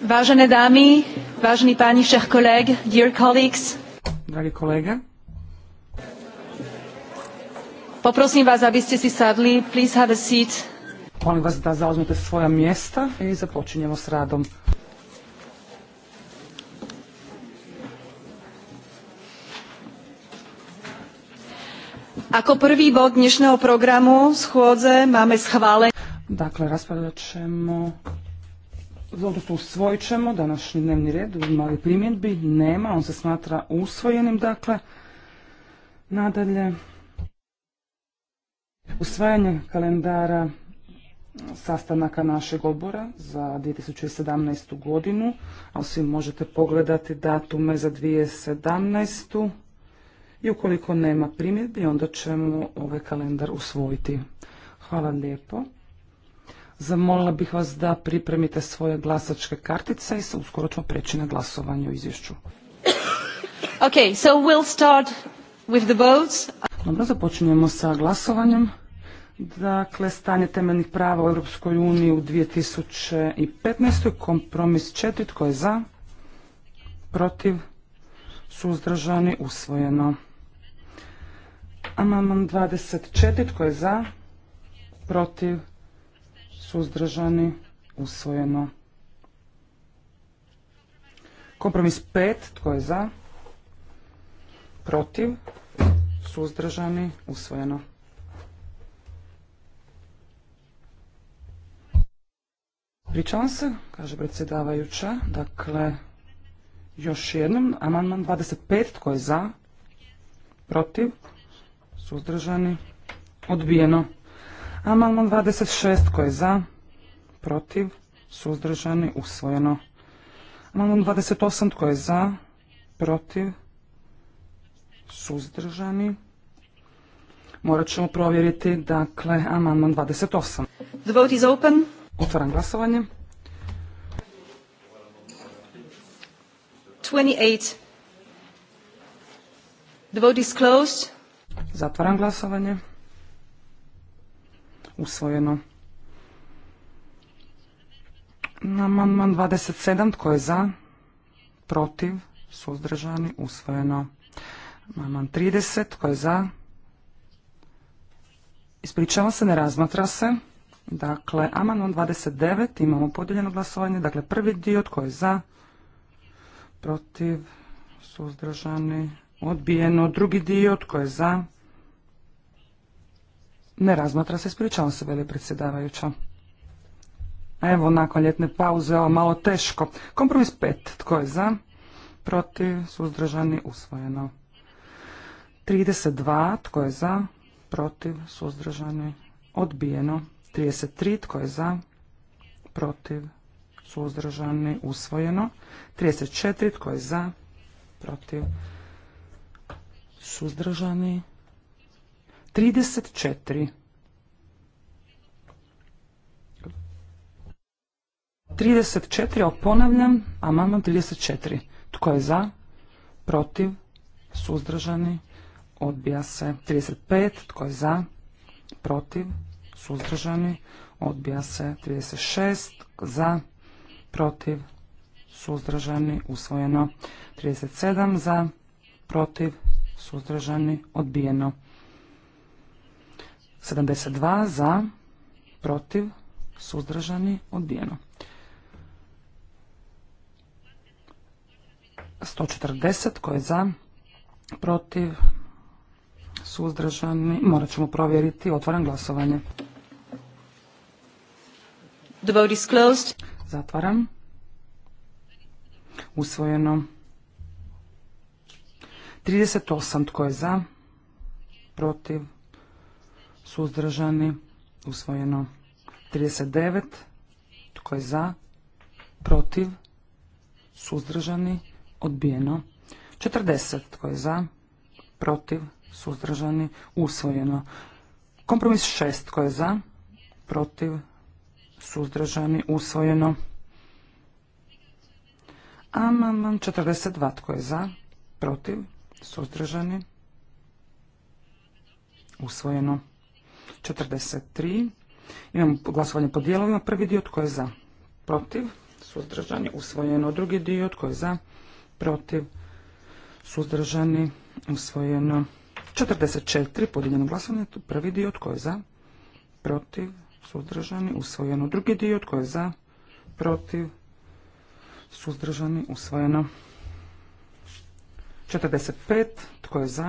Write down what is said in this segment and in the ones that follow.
Vážené dámy, vážení páni, chers koleg, dear colleagues. Dragi kolege. Poprosim vas, aby ste si sadli. Please have a seat. Molim vas da zauzmete svoja mjesta i započinjemo s radom. Ako prvi bod dnešného programu schôdze máme schválen... Dakle, raspravljat ćemo, odnosno usvojit ćemo današnji dnevni red, mali primjedbi nema, on se smatra usvojenim, dakle, nadalje, usvajanje kalendara sastanaka našeg odbora za 2017. godinu, a svi možete pogledati datume za 2017. godinu, i ukoliko nema primjedbi, onda ćemo ovaj kalendar usvojiti. Hvala lijepo. Zamolila bih vas da pripremite svoje glasačke kartice i uskoro ćemo preći na glasovanje u izvješću. so we'll start with the votes. Dobro, započinjemo sa glasovanjem. Dakle, stanje temeljnih prava u Europskoj uniji u 2015. Kompromis četiri Tko je za? Protiv? Suzdržani? Usvojeno. Amandman 24. Tko je za? Protiv? Suzdržani? Usvojeno. Kompromis 5. Tko je za? Protiv? Suzdržani? Usvojeno. Pričavam se, kaže predsjedavajuća. Dakle, još jednom, amandman 25. Tko je za? Protiv? Suzdržani? Odbijeno. Amandman 26. koji je za? Protiv? Suzdržani? Usvojeno. Amandman 28. koji je za? Protiv? Suzdržani? Morat ćemo provjeriti, dakle, amandman 28. The vote is open. Otvaram glasovanje. 28. The vote is closed. Zatvaram glasovanje. Usvojeno. Amandman 27. Tko je za? Protiv? Suzdržani? Usvojeno. Amandman 30. Tko je za? Ispričava se, ne razmatra se. Dakle, amanon 29. Imamo podijeljeno glasovanje. Dakle, prvi dio. Tko je za? Protiv? Suzdržani? Odbijeno. Drugi dio, tko je za? Ne razmatra se, ispričavam se, veli predsjedavajuća. Evo, nakon ljetne pauze, ovo malo teško. Kompromis pet, tko je za? Protiv, suzdržani, usvojeno. 32, tko je za? Protiv, suzdržani, odbijeno. 33, tko je za? Protiv, suzdržani, usvojeno. 34, tko je za? Protiv, suzdržani, 34. 34, oponavljam, amandman 34. Tko je za? Protiv? Suzdržani? Odbija se. 35. Tko je za? Protiv? Suzdržani? Odbija se. 36. Za? Protiv? Suzdržani? Usvojeno. 37. Za? Protiv? suzdržani, odbijeno. 72 za, protiv, suzdržani, odbijeno. 140 koje za, protiv, suzdržani, morat ćemo provjeriti, otvaram glasovanje. The vote Zatvaram. Usvojeno. 38. Tko je za? Protiv? Suzdržani? Usvojeno. 39. Tko je za? Protiv? Suzdržani? Odbijeno. 40. Tko je za? Protiv? Suzdržani? Usvojeno. Kompromis 6. Tko je za? Protiv? Suzdržani? Usvojeno. Amandman 42. Tko je za? Protiv? Suzdržani. Usvojeno. 43. Imamo glasovanje po dijelovima. Prvi dio tko je za? Protiv. Suzdržani. Usvojeno. Drugi dio tko je za? Protiv. Suzdržani. Usvojeno. 44. Podijeljeno glasovanje. Prvi dio tko je za? Protiv. Suzdržani. Usvojeno. Drugi dio tko je za? Protiv. Suzdržani. Usvojeno. 45. Tko je za?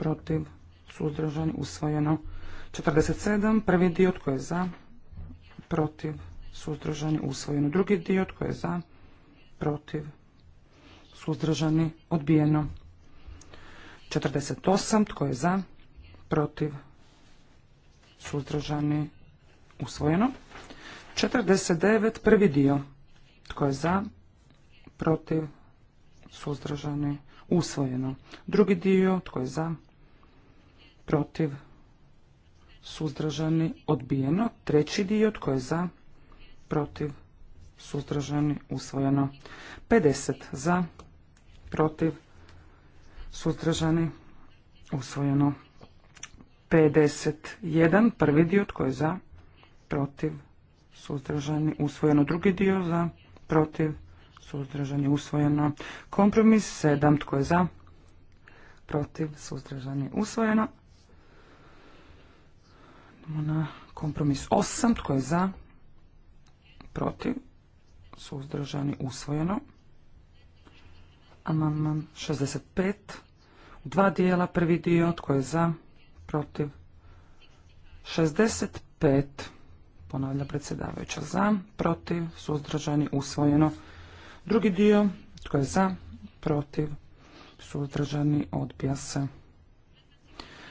Protiv? Suzdržani? Usvojeno. 47. Prvi dio. Tko je za? Protiv? Suzdržani? Usvojeno. Drugi dio. Tko je za? Protiv? Suzdržani? Odbijeno. 48. Tko je za? Protiv? Suzdržani? Usvojeno. 49. Prvi dio. Tko je za? Protiv? suzdržani, usvojeno. Drugi dio, tko je za, protiv, suzdržani, odbijeno. Treći dio, tko je za, protiv, suzdržani, usvojeno. 50 za, protiv, suzdržani, usvojeno. 51, prvi dio, tko je za, protiv, suzdržani, usvojeno. Drugi dio, za, protiv, suzdržani usvojeno. Kompromis 7 tko je za, protiv, suzdržani usvojeno. Idemo na kompromis 8 tko je za, protiv, suzdržani usvojeno. Amandman 65 u dva dijela, prvi dio tko je za, protiv, 65 ponavlja predsjedavajuća za, protiv, suzdržani usvojeno. Drugi dio, tko je za, protiv, suzdržani, odbija se.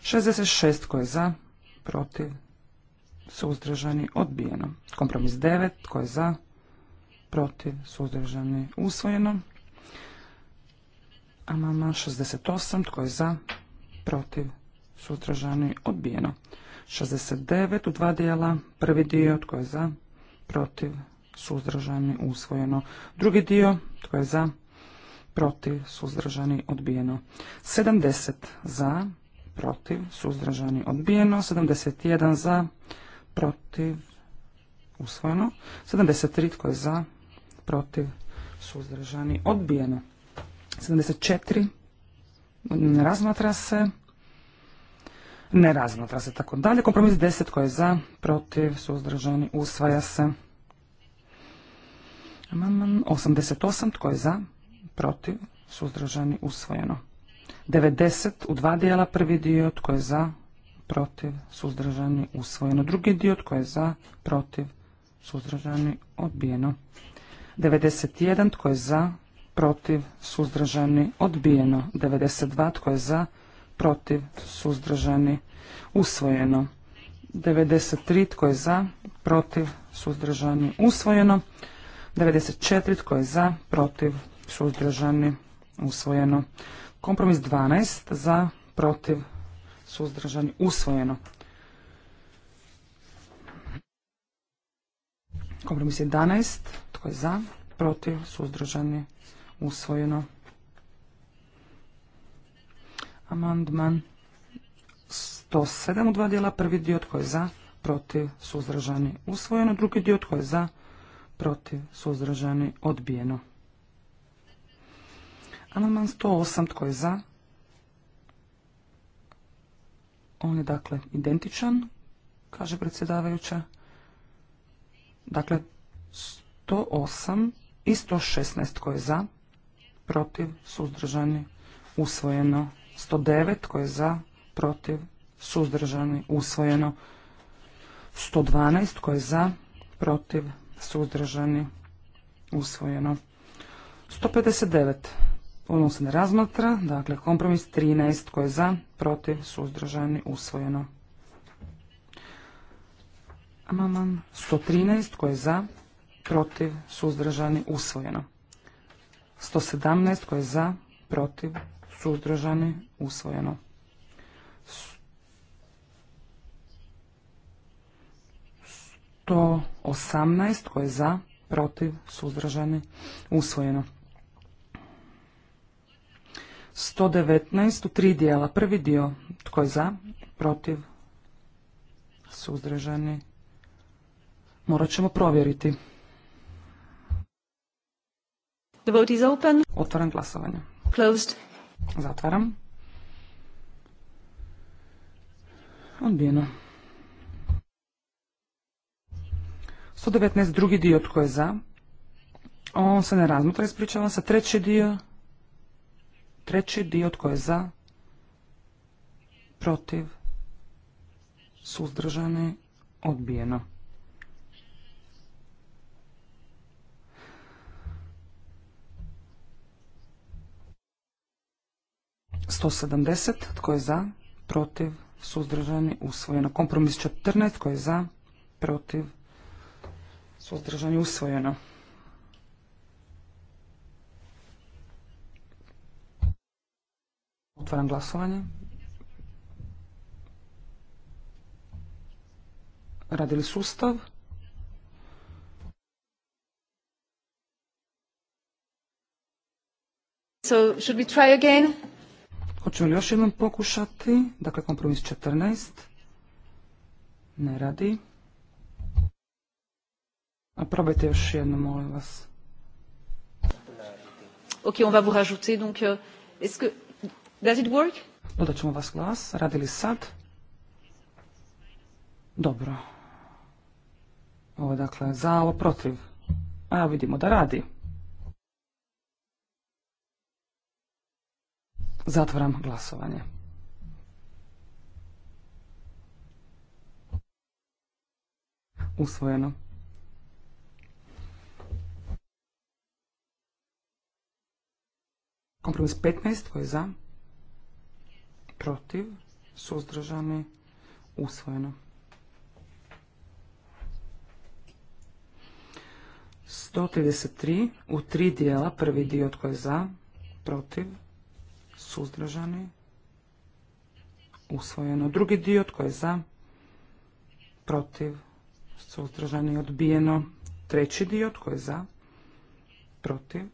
66 tko je za, protiv, suzdržani, odbijeno. Kompromis 9 tko je za, protiv, suzdržani, usvojeno. Amama 68 tko je za, protiv, suzdržani, odbijeno. 69 u dva dijela, prvi dio tko je za, protiv, suzdržani, usvojeno. Drugi dio, tko je za, protiv, suzdržani, odbijeno. 70 za, protiv, suzdržani, odbijeno. 71 za, protiv, usvojeno. 73 tko je za, protiv, suzdržani, odbijeno. 74 ne razmatra se. Ne razmatra se tako dalje. Kompromis 10 tko je za, protiv, suzdržani, usvaja se. Amandman 88. Tko je za? Protiv? Suzdržani? Usvojeno. 90. U dva dijela. Prvi dio. Tko je za? Protiv? Suzdržani? Usvojeno. Drugi dio. Tko je za? Protiv? Suzdržani? Odbijeno. 91. Tko je za? Protiv? Suzdržani? Odbijeno. 92. Tko je za? Protiv? Suzdržani? Usvojeno. 93. Tko je za? Protiv? Suzdržani? Usvojeno. 94. Tko je za? Protiv? Suzdržani? Usvojeno. Kompromis 12. Za? Protiv? Suzdržani? Usvojeno. Kompromis 11. Tko je za? Protiv? Suzdržani? Usvojeno. Amandman 107 u dva dijela. Prvi dio tko je za? Protiv? Suzdržani? Usvojeno. Drugi dio tko je za? protiv, suzdržani, odbijeno. Amandman 108, tko je za? On je dakle identičan, kaže predsjedavajuća. Dakle, 108 i 116, tko je za? Protiv, suzdržani, usvojeno. 109, tko je za? Protiv, suzdržani, usvojeno. 112, tko je za? Protiv, suzdržani, usvojeno. 159, ono se ne razmatra, dakle kompromis 13, koje je za, protiv, suzdržani, usvojeno. Amaman 113, tko je za, protiv, suzdržani, usvojeno. 117, tko je za, protiv, suzdržani, usvojeno. 118 koje je za, protiv, suzdržani, usvojeno. 119 u tri dijela. Prvi dio tko je za, protiv, suzdržani. Morat ćemo provjeriti. The Otvaram glasovanje. Closed. Zatvaram. Odbijeno. 119. drugi dio, tko je za? On se ne razmotra, ispričavam se. Treći dio, treći dio, tko je za? Protiv? Suzdržani? Odbijeno. Sto sedamdeset, tko je za? Protiv? Suzdržani? Usvojeno. Kompromis četrnaest, tko je za? Protiv? je usvojeno. Otvaram glasovanje. Radili sustav. So, should we try again? Hoćemo li još jednom pokušati? Dakle, kompromis 14. Ne radi. A probajte još jedno, molim vas. Ok, on va vous rajouter, donc, euh, est-ce que, work? Dodat ćemo vas glas, radi li sad? Dobro. Ovo je dakle za, ovo protiv. A vidimo da radi. Zatvaram glasovanje. Usvojeno. Kompromis 15, tko je za? Protiv? Suzdržani? Usvojeno. 133 u tri dijela, prvi dio tko je za, protiv, suzdržani, usvojeno. Drugi dio tko je za, protiv, suzdržani, odbijeno. Treći dio tko je za, protiv,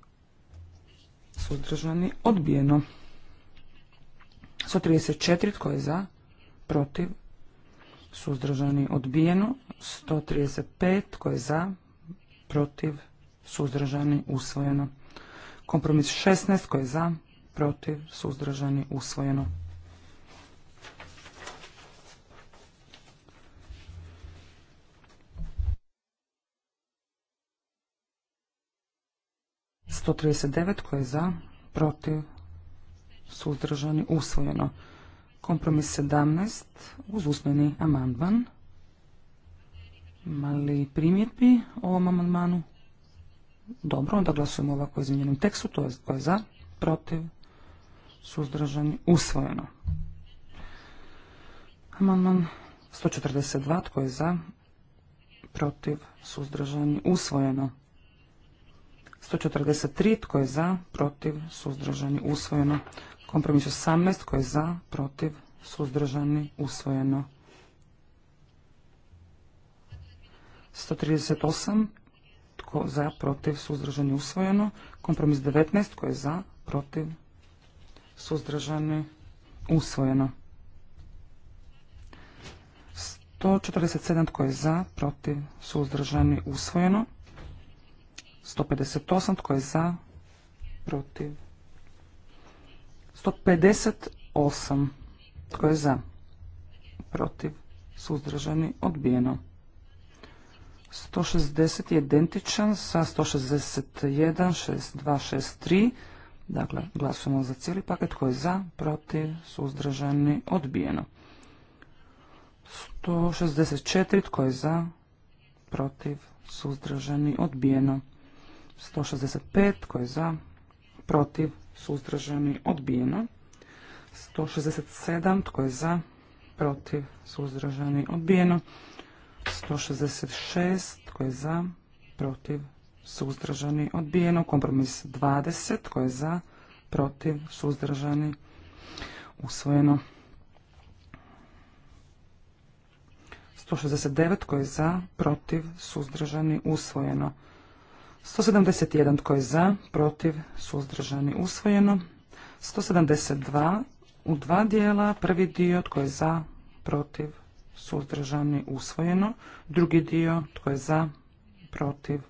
Suzdržani? Odbijeno. 134. Tko je za? Protiv? Suzdržani? Odbijeno. 135. Tko je za? Protiv? Suzdržani? Usvojeno. Kompromis 16. Tko je za? Protiv? Suzdržani? Usvojeno. 139 koje je za, protiv, suzdržani, usvojeno. Kompromis 17 uz usmeni amandman. Mali primjedbi o ovom amandmanu? Dobro, onda glasujemo ovako izmijenjenom tekstu, to je tko je za, protiv, suzdržani, usvojeno. Amandman 142, tko je za, protiv, suzdržani, usvojeno. 143. Tko je za? Protiv? Suzdržani? Usvojeno. Kompromis 18. Tko je za? Protiv? Suzdržani? Usvojeno. 138. Tko za? Protiv? Suzdržani? Usvojeno. Kompromis 19. Tko je za? Protiv? Suzdržani? Usvojeno. 147. Tko je za? Protiv? Suzdržani? Usvojeno. 158. Tko je za? Protiv. 158. Tko je za? Protiv. Suzdržani. Odbijeno. 160 je identičan sa 161, 62, 63. Dakle, glasujemo za cijeli paket. Tko je za? Protiv. Suzdržani. Odbijeno. 164. Tko je za? Protiv. Suzdržani. Odbijeno. 165 koji je za, protiv, suzdržani, odbijeno. 167 tko je za, protiv, suzdržani, odbijeno. 166 tko je za, protiv, suzdržani, odbijeno. Kompromis 20 tko je za, protiv, suzdržani, usvojeno. 169 tko je za, protiv, suzdržani, usvojeno. 171 tko je za, protiv, suzdržani, usvojeno. 172 u dva dijela, prvi dio tko je za, protiv, suzdržani, usvojeno. Drugi dio tko je za, protiv,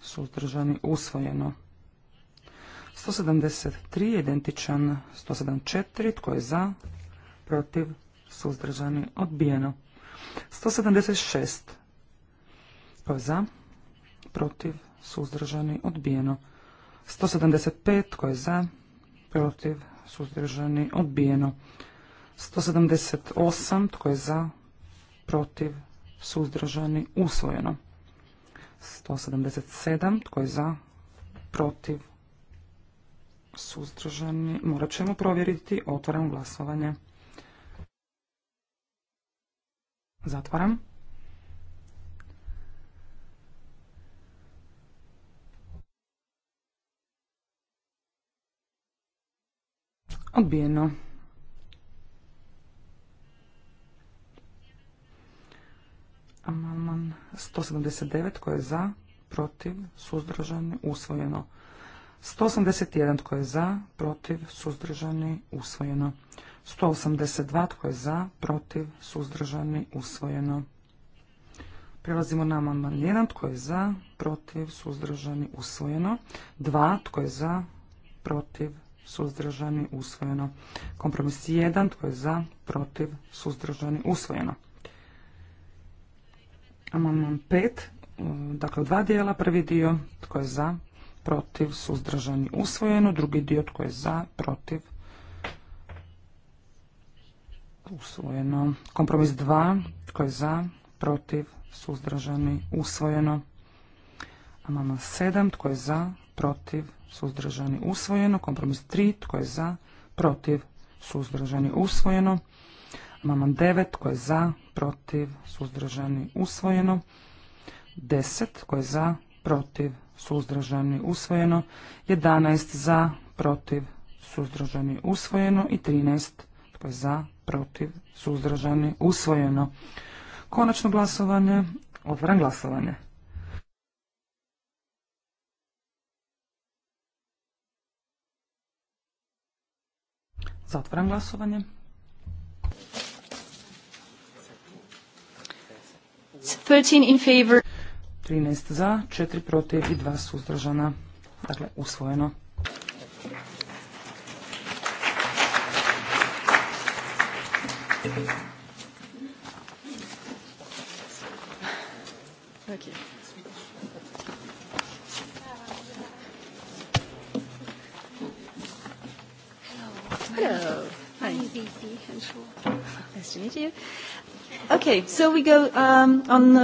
suzdržani, usvojeno. 173 identičan 174 tko je za, protiv, suzdržani, odbijeno. 176 tko je za, protiv, suzdržani, odbijeno. 175 tko je za, protiv, suzdržani, odbijeno. 178 tko je za, protiv, suzdržani, usvojeno. 177 tko je za, protiv, suzdržani. Morat ćemo provjeriti. Otvaram glasovanje. Zatvaram. Odbijeno. Amandman 179 tko je za, protiv, suzdržani, usvojeno. 181 tko je za, protiv, suzdržani, usvojeno. 182 tko je za, protiv, suzdržani, usvojeno. Prelazimo na amandman 1 tko je za, protiv, suzdržani, usvojeno. 2 tko je za, protiv, suzdržani, usvojeno. Kompromis 1, tko je za, protiv, suzdržani, usvojeno. Amandman 5, dakle dva dijela, prvi dio, tko je za, protiv, suzdržani, usvojeno, drugi dio, tko je za, protiv, usvojeno. Kompromis 2, tko je za, protiv, suzdržani, usvojeno. Amandman 7, tko je za, protiv, suzdržani, usvojeno. Kompromis 3, tko je za, protiv, suzdržani, usvojeno. Amandman 9, tko je za, protiv, suzdržani, usvojeno. 10, tko je za, protiv, suzdržani, usvojeno. 11, za, protiv, suzdržani, usvojeno. I 13, tko je za, protiv, suzdržani, usvojeno. Konačno glasovanje, otvoran glasovanje. Zatvaram glasovanje. 13 in favor. 13 za, 4 protiv i 2 suzdržana. Dakle, usvojeno. Thank Um,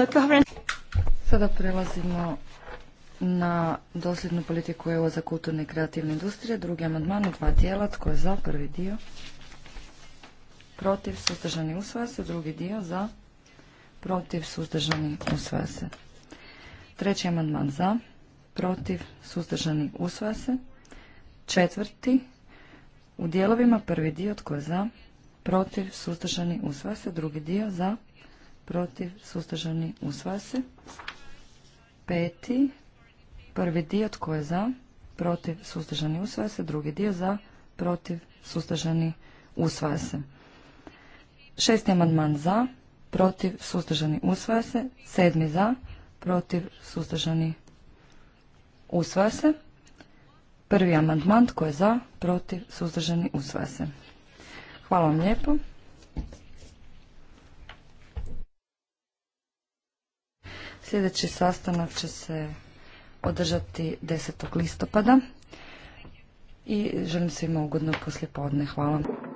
Sada prelazimo na dosljednu politiku EU za kulturne i kreativne industrije. Drugi amandman u dva dijela. Tko je za prvi dio? Protiv suzdržani usvaja se. Drugi dio za. Protiv suzdržani usvaja se. Treći amandman za. Protiv suzdržani usvaja se. Četvrti u dijelovima prvi dio tko je za. Protiv suzdržani usvaja se. Drugi dio za protiv, suzdržani, usvase. se. Peti, prvi dio, tko je za, protiv, suzdržani, usvaja se. Drugi dio za, protiv, suzdržani, usvaja se. Šesti amandman za, protiv, suzdržani, usvaja se. Sedmi za, protiv, suzdržani, usva se. Prvi amandman, tko je za, protiv, suzdržani, usvase. se. Hvala vam lijepo. Sljedeći sastanak će se održati 10. listopada i želim svima ugodno poslijepodne. Hvala.